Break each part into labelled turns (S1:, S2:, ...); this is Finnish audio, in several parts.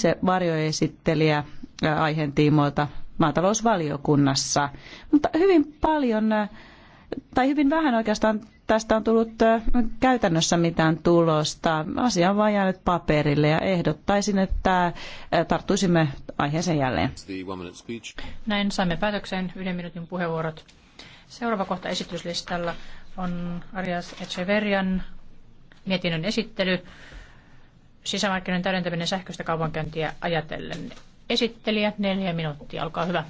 S1: itse varjoesittelijä aiheen tiimoilta maatalousvaliokunnassa. Mutta hyvin paljon, tai hyvin vähän oikeastaan tästä on tullut käytännössä mitään tulosta. Asia on vain jäänyt paperille ja ehdottaisin, että tarttuisimme aiheeseen jälleen.
S2: Näin saimme päätökseen yhden minuutin puheenvuorot. Seuraava kohta esityslistalla on Arias Echeverian mietinnön esittely sisämarkkinoiden täydentäminen sähköistä kaupankäyntiä ajatellen. Esittelijä, neljä minuuttia, olkaa hyvä.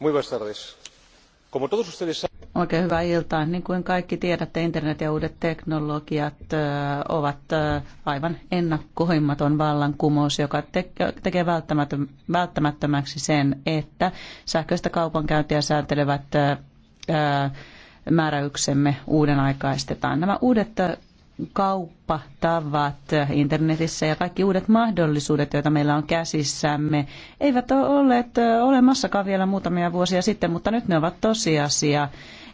S2: Muy buenas tardes. Como todos ustedes saben,
S1: Oikein hyvää iltaa. Niin kuin kaikki tiedätte, internet ja uudet teknologiat ovat aivan ennakkoimaton vallankumous, joka tekee välttämättömäksi sen, että sähköistä kaupankäyntiä sääntelevät määräyksemme uuden aikaistetaan. Nämä uudet kauppatavat internetissä ja kaikki uudet mahdollisuudet, joita meillä on käsissämme, eivät ole olleet olemassakaan vielä muutamia vuosia sitten, mutta nyt ne ovat tosiasia.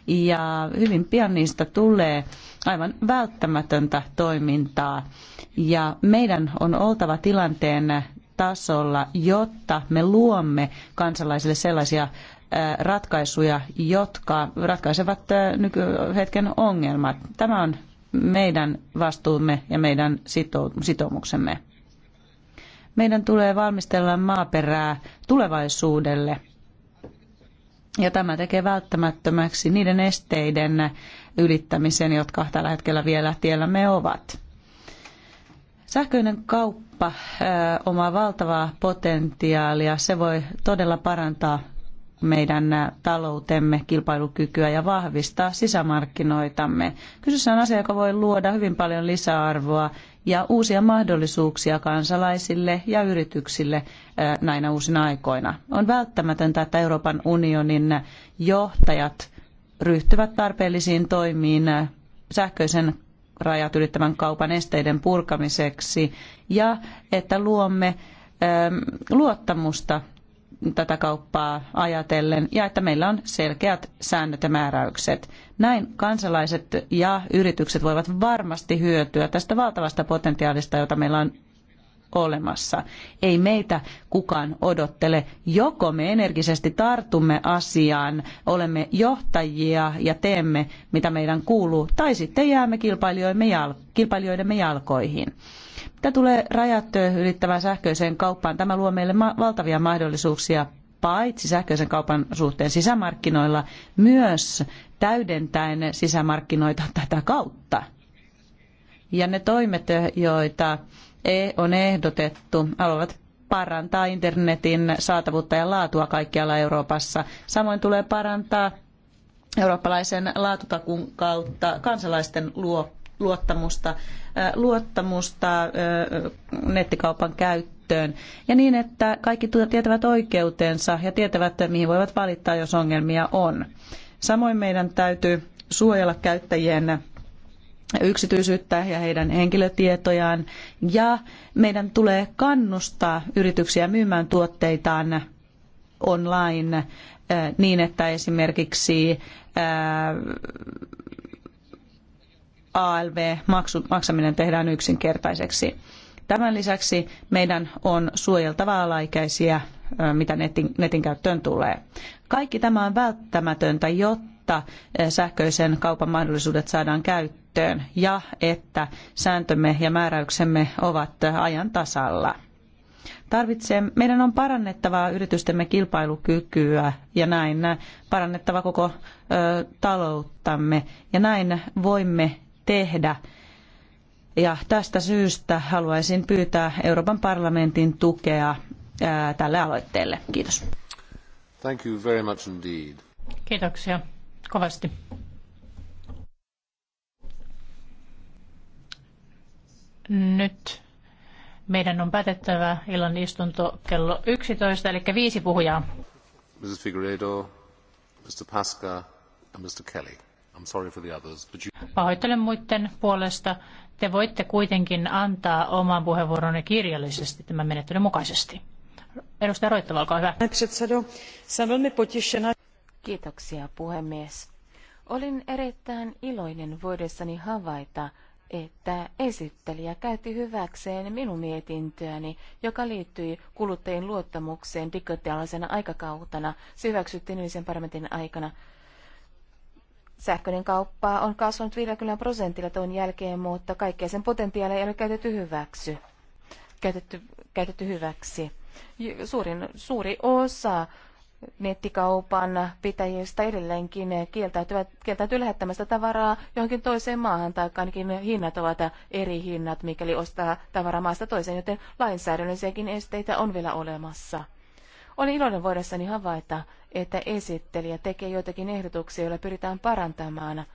S1: Ja hyvin pian niistä tulee aivan välttämätöntä toimintaa. Ja meidän on oltava tilanteen tasolla, jotta me luomme kansalaisille sellaisia ratkaisuja, jotka ratkaisevat nykyhetken ongelmat. Tämä on meidän vastuumme ja meidän sitoumuksemme. Meidän tulee valmistella maaperää tulevaisuudelle. Ja tämä tekee välttämättömäksi niiden esteiden ylittämisen, jotka tällä hetkellä vielä tiellä me ovat. Sähköinen kauppa ö, omaa valtavaa potentiaalia. Se voi todella parantaa meidän taloutemme kilpailukykyä ja vahvistaa sisämarkkinoitamme. Kyseessä on asia, joka voi luoda hyvin paljon lisäarvoa ja uusia mahdollisuuksia kansalaisille ja yrityksille näinä uusina aikoina. On välttämätöntä, että Euroopan unionin johtajat ryhtyvät tarpeellisiin toimiin sähköisen rajat ylittävän kaupan esteiden purkamiseksi ja että luomme luottamusta tätä kauppaa ajatellen ja että meillä on selkeät säännöt ja määräykset. Näin kansalaiset ja yritykset voivat varmasti hyötyä tästä valtavasta potentiaalista, jota meillä on olemassa. Ei meitä kukaan odottele. Joko me energisesti tartumme asiaan, olemme johtajia ja teemme, mitä meidän kuuluu, tai sitten jäämme kilpailijoidemme jalkoihin. Mitä tulee rajat ylittävään sähköiseen kauppaan, tämä luo meille valtavia mahdollisuuksia paitsi sähköisen kaupan suhteen sisämarkkinoilla, myös täydentäen sisämarkkinoita tätä kautta. Ja ne toimet, joita e on ehdotettu, haluavat parantaa internetin saatavuutta ja laatua kaikkialla Euroopassa. Samoin tulee parantaa eurooppalaisen laatutakun kautta kansalaisten luo, luottamusta, luottamusta nettikaupan käyttöön ja niin, että kaikki tietävät oikeutensa ja tietävät, mihin voivat valittaa, jos ongelmia on. Samoin meidän täytyy suojella käyttäjien yksityisyyttä ja heidän henkilötietojaan ja meidän tulee kannustaa yrityksiä myymään tuotteitaan online niin, että esimerkiksi ALV-maksaminen tehdään yksinkertaiseksi. Tämän lisäksi meidän on suojeltava alaikäisiä, mitä netin, netin käyttöön tulee. Kaikki tämä on välttämätöntä, jotta sähköisen kaupan mahdollisuudet saadaan käyttöön ja että sääntömme ja määräyksemme ovat ajan tasalla. Tarvitsemme, meidän on parannettava yritystemme kilpailukykyä ja näin parannettava koko ö, talouttamme ja näin voimme tehdä. Ja tästä syystä haluaisin pyytää Euroopan parlamentin tukea tälle aloitteelle. Kiitos.
S3: Thank you very much indeed.
S1: Kiitoksia kovasti.
S2: Nyt meidän on päätettävä illan istunto kello 11, eli viisi puhujaa.
S1: Mrs. Figueredo, Mr. Pasca ja Mr. Kelly.
S2: Pahoittelen muiden puolesta. Te voitte kuitenkin antaa oman puheenvuoronne kirjallisesti tämän menettelyn mukaisesti. Edustaja Roittava, olkaa hyvä.
S3: Kiitoksia puhemies. Olin erittäin iloinen voidessani havaita, että esittelijä käytti hyväkseen minun mietintöäni, joka liittyi kuluttajien luottamukseen digitaalisena aikakautena. Se hyväksyttiin parlamentin aikana. Sähköinen kauppa on kasvanut 50 prosentilla tuon jälkeen, mutta kaikkea sen potentiaalia ei ole käytetty hyväksi. Käytetty, käytetty hyväksi. Suurin, suuri osa nettikaupan pitäjistä edelleenkin kieltäytyy lähettämästä tavaraa johonkin toiseen maahan, tai ainakin hinnat ovat eri hinnat, mikäli ostaa tavaraa maasta toiseen, joten lainsäädännöllisiäkin esteitä on vielä olemassa. Olin iloinen voidessani havaita, että esittelijä tekee joitakin ehdotuksia, joilla pyritään parantamaan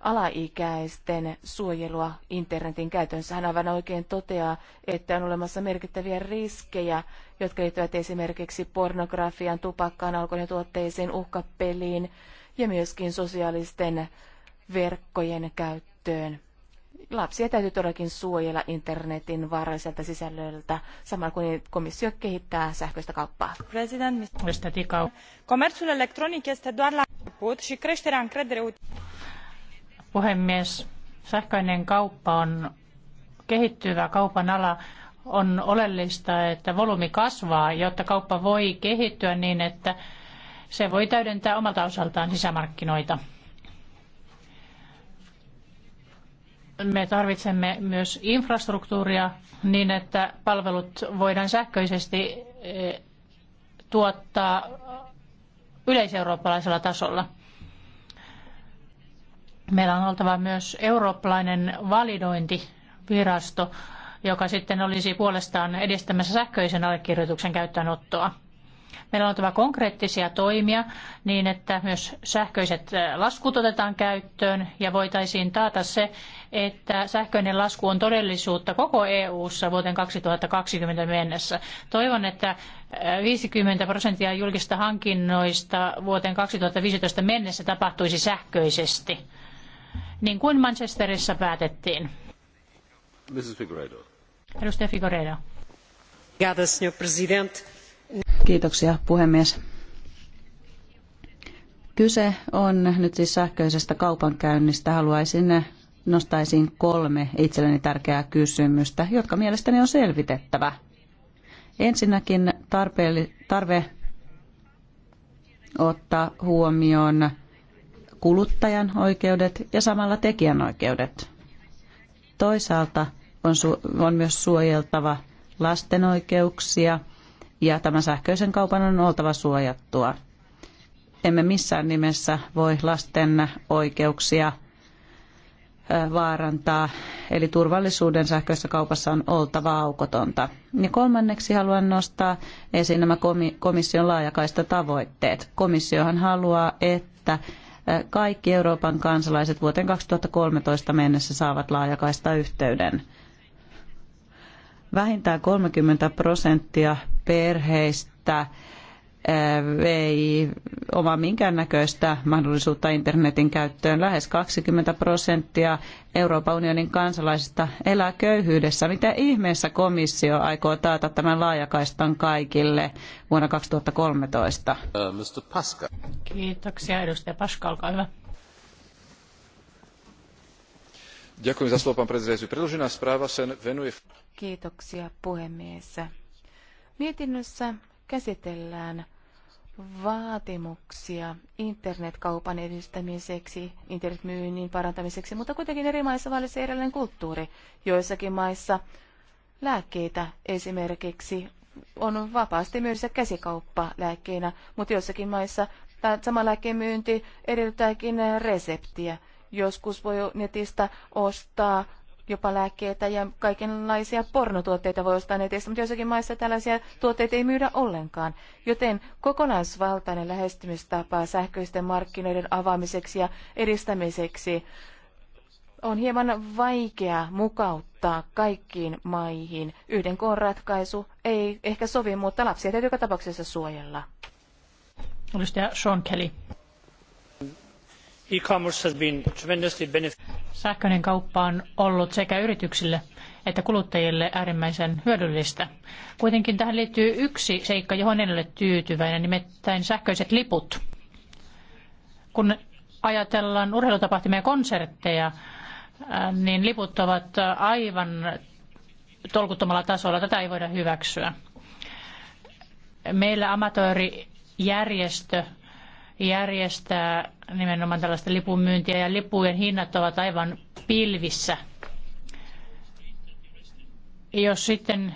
S3: alaikäisten suojelua internetin käytönsä. Hän aivan oikein toteaa, että on olemassa merkittäviä riskejä, jotka liittyvät esimerkiksi pornografian, tupakkaan, tuotteisiin uhkapeliin ja myöskin sosiaalisten verkkojen käyttöön. Lapsia täytyy todellakin suojella internetin vaaralliselta sisällöltä, samalla kun komissio kehittää sähköistä kauppaa. President, Mr. Tikau. Komerțul electronic este doar la și creșterea
S2: Puhemies, sähköinen kauppa on kehittyvä kaupan ala. On oleellista, että volyymi kasvaa, jotta kauppa voi kehittyä niin, että se voi täydentää omalta osaltaan sisämarkkinoita. me tarvitsemme myös infrastruktuuria niin, että palvelut voidaan sähköisesti eh, tuottaa yleiseurooppalaisella tasolla. Meillä on oltava myös eurooppalainen validointivirasto, joka sitten olisi puolestaan edistämässä sähköisen allekirjoituksen käyttöönottoa. Meillä on oltava konkreettisia toimia niin, että myös sähköiset laskut otetaan käyttöön ja voitaisiin taata se, että sähköinen lasku on todellisuutta koko EU-ssa vuoteen 2020 mennessä. Toivon, että 50 prosenttia julkista hankinnoista vuoteen 2015 mennessä tapahtuisi sähköisesti, niin kuin Manchesterissa päätettiin.
S3: Mrs. Figueiredo.
S2: Edustaja Figueiredo. Obrigada, senhor presidente
S1: Kiitoksia puhemies. Kyse on nyt siis sähköisestä kaupankäynnistä. Haluaisin nostaisin kolme itselleni tärkeää kysymystä, jotka mielestäni on selvitettävä. Ensinnäkin tarpeelli, tarve ottaa huomioon kuluttajan oikeudet ja samalla tekijänoikeudet. Toisaalta on, on myös suojeltava lasten oikeuksia – ja tämän sähköisen kaupan on oltava suojattua. Emme missään nimessä voi lasten oikeuksia vaarantaa, eli turvallisuuden sähköisessä kaupassa on oltava aukotonta. Ja kolmanneksi haluan nostaa esiin nämä komission laajakaista tavoitteet. Komissiohan haluaa, että kaikki Euroopan kansalaiset vuoteen 2013 mennessä saavat laajakaista yhteyden vähintään 30 prosenttia perheistä eh, ei omaa minkäännäköistä mahdollisuutta internetin käyttöön. Lähes 20 prosenttia Euroopan unionin kansalaisista elää köyhyydessä. Mitä ihmeessä komissio aikoo taata tämän laajakaistan kaikille vuonna 2013?
S3: Uh, Mr. Paska.
S2: Kiitoksia. Edustaja Paska, olkaa hyvä.
S3: predložená správa sa venuje... Kiitoksia puhemies. Mietinnössä käsitellään vaatimuksia internetkaupan edistämiseksi, internetmyynnin parantamiseksi, mutta kuitenkin eri maissa vallitsee erilainen kulttuuri. Joissakin maissa lääkkeitä esimerkiksi on vapaasti myynnissä käsikauppa lääkkeinä mutta joissakin maissa tämä sama lääkkeen myynti edellyttääkin reseptiä. Joskus voi netistä ostaa jopa lääkkeitä ja kaikenlaisia pornotuotteita voi ostaa netistä, mutta joissakin maissa tällaisia tuotteita ei myydä ollenkaan. Joten kokonaisvaltainen lähestymistapa sähköisten markkinoiden avaamiseksi ja edistämiseksi on hieman vaikea mukauttaa kaikkiin maihin. Yhden koon ratkaisu ei ehkä sovi, mutta lapsia täytyy joka tapauksessa suojella.
S2: Olisi Sean Kelly. E Sähköinen kauppa on ollut sekä yrityksille että kuluttajille äärimmäisen hyödyllistä. Kuitenkin tähän liittyy yksi seikka, johon en ole tyytyväinen, nimittäin sähköiset liput. Kun ajatellaan urheilutapahtumia ja konsertteja, äh, niin liput ovat aivan tolkuttomalla tasolla. Tätä ei voida hyväksyä. Meillä amatöörijärjestö järjestää nimenomaan tällaista lipunmyyntiä ja lipujen hinnat ovat aivan pilvissä. Jos sitten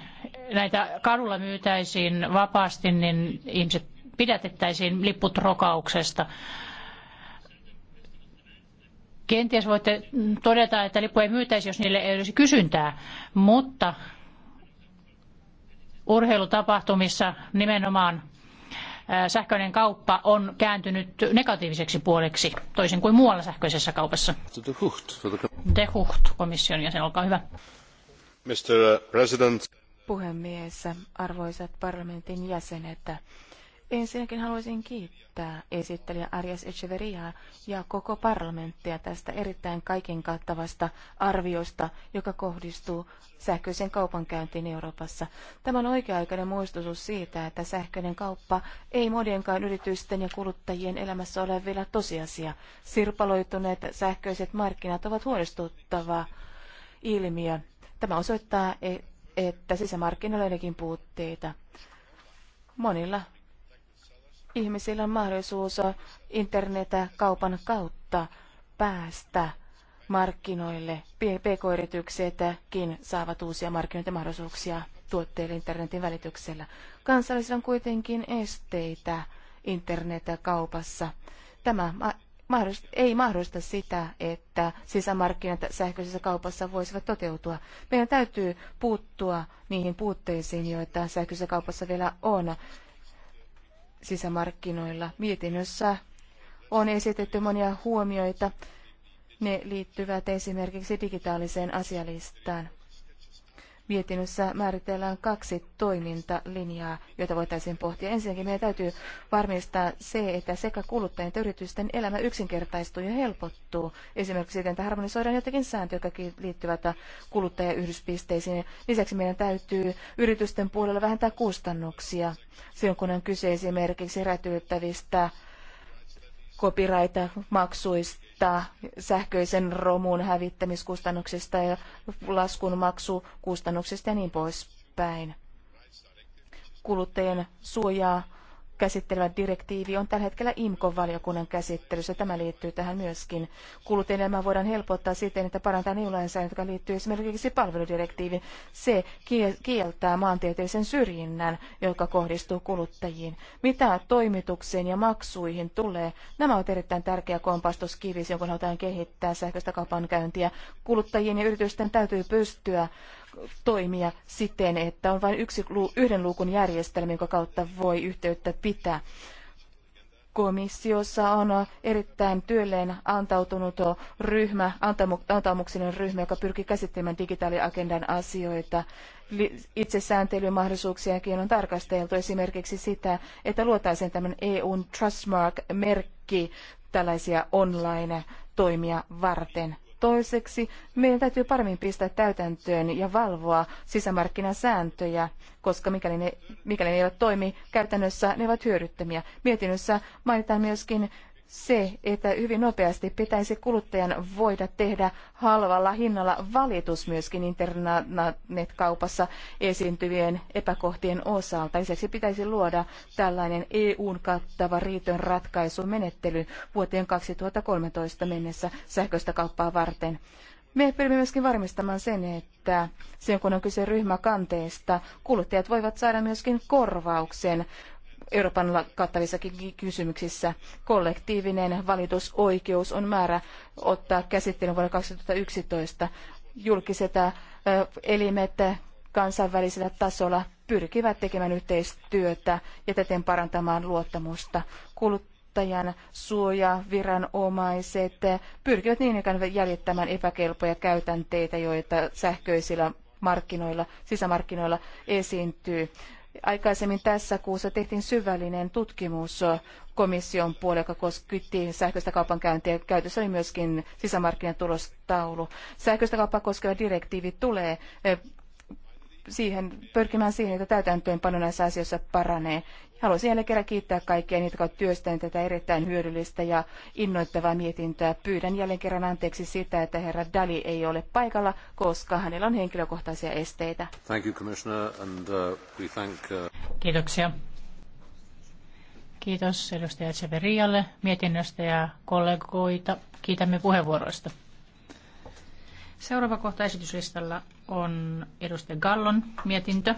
S2: näitä kadulla myytäisiin vapaasti, niin ihmiset pidätettäisiin lipputrokauksesta. rokauksesta. Kenties voitte todeta, että lippuja ei myytäisi, jos niille ei olisi kysyntää, mutta urheilutapahtumissa nimenomaan sähköinen kauppa on kääntynyt negatiiviseksi puoleksi, toisin kuin muualla sähköisessä kaupassa.
S3: De Hucht, komission jäsen, olkaa hyvä.
S1: Mr. President.
S3: Puhemies, arvoisat parlamentin jäsenet, Ensinnäkin haluaisin kiittää esittelijä Arias Echeveriaa ja koko parlamenttia tästä erittäin kaiken kattavasta arviosta, joka kohdistuu sähköisen kaupankäyntiin Euroopassa. Tämä on oikea-aikainen muistutus siitä, että sähköinen kauppa ei modienkaan yritysten ja kuluttajien elämässä ole vielä tosiasia. Sirpaloituneet sähköiset markkinat ovat huolestuttava ilmiö. Tämä osoittaa, e- että sisämarkkinoilla puutteita. Monilla ihmisillä on mahdollisuus internetä kaupan kautta päästä markkinoille. PK-yrityksetkin saavat uusia markkinointimahdollisuuksia tuotteille internetin välityksellä. Kansallisilla on kuitenkin esteitä kaupassa. Tämä ei mahdollista sitä, että sisämarkkinat sähköisessä kaupassa voisivat toteutua. Meidän täytyy puuttua niihin puutteisiin, joita sähköisessä kaupassa vielä on sisämarkkinoilla. Mietinnössä on esitetty monia huomioita. Ne liittyvät esimerkiksi digitaaliseen asialistaan mietinnössä määritellään kaksi toimintalinjaa, joita voitaisiin pohtia. Ensinnäkin meidän täytyy varmistaa se, että sekä kuluttajien että yritysten elämä yksinkertaistuu ja helpottuu. Esimerkiksi siten, että harmonisoidaan jotakin sääntöjä, jotka liittyvät kuluttajayhdyspisteisiin. Lisäksi meidän täytyy yritysten puolella vähentää kustannuksia, silloin kun on kyse esimerkiksi rätyyttävistä copyright-maksuista vastaa sähköisen romun hävittämiskustannuksista ja laskun maksukustannuksista ja niin poispäin. Kuluttajien suojaa käsittelevä direktiivi on tällä hetkellä IMCO-valiokunnan käsittelyssä. Tämä liittyy tähän myöskin. Kulutenemaa voidaan helpottaa siten, että parantaa EU-lainsäädäntö, joka liittyy esimerkiksi palveludirektiiviin. Se kieltää maantieteellisen syrjinnän, joka kohdistuu kuluttajiin. Mitä toimitukseen ja maksuihin tulee? Nämä ovat erittäin tärkeä kompastuskivi, jonka halutaan kehittää sähköistä kaupankäyntiä. Kuluttajien ja yritysten täytyy pystyä toimia siten, että on vain yksi, yhden luukun järjestelmä, jonka kautta voi yhteyttä pitää. Komissiossa on erittäin työlleen antautunut ryhmä, antamuksinen ryhmä, joka pyrkii käsittelemään digitaaliagendan asioita. Itsesääntelymahdollisuuksiakin on tarkasteltu esimerkiksi sitä, että luotaisiin tämän EUn Trustmark-merkki tällaisia online-toimia varten Toiseksi meidän täytyy paremmin pistää täytäntöön ja valvoa sisämarkkinasääntöjä, koska mikäli ne, mikäli ne eivät toimi käytännössä, ne ovat hyödyttömiä. Mietinnössä mainitaan myöskin se, että hyvin nopeasti pitäisi kuluttajan voida tehdä halvalla hinnalla valitus myöskin internetkaupassa esiintyvien epäkohtien osalta. Lisäksi pitäisi luoda tällainen EUn kattava riitön ratkaisumenettely vuoteen 2013 mennessä sähköistä kauppaa varten. Me pyrimme myöskin varmistamaan sen, että sen kun on kyse ryhmäkanteesta, kuluttajat voivat saada myöskin korvauksen Euroopan kattavissakin kysymyksissä. Kollektiivinen valitusoikeus on määrä ottaa käsittelyyn vuonna 2011. Julkiset elimet kansainvälisellä tasolla pyrkivät tekemään yhteistyötä ja täten parantamaan luottamusta. Kuluttajan suojaviranomaiset pyrkivät niin ikään jäljittämään epäkelpoja käytänteitä, joita sähköisillä markkinoilla, sisämarkkinoilla esiintyy. Aikaisemmin tässä kuussa tehtiin syvällinen tutkimus komission puolella, joka koski sähköistä kaupankäyntiä. Käytössä oli myöskin sisämarkkinatulostaulu. Sähköistä kauppaa koskeva direktiivi tulee eh, siihen, pyrkimään siihen, että täytäntöönpano näissä asioissa paranee Haluaisin jälleen kerran kiittää kaikkia niitä, jotka ovat työstäneet tätä erittäin hyödyllistä ja innoittavaa mietintöä. Pyydän jälleen kerran anteeksi sitä, että herra Dali ei ole paikalla, koska hänellä on henkilökohtaisia esteitä.
S1: Thank you, Commissioner, and, uh, we thank, uh...
S2: Kiitoksia. Kiitos edustaja Severialle mietinnöstä ja kollegoita. Kiitämme puheenvuoroista. Seuraava kohta esityslistalla on edustaja Gallon mietintö.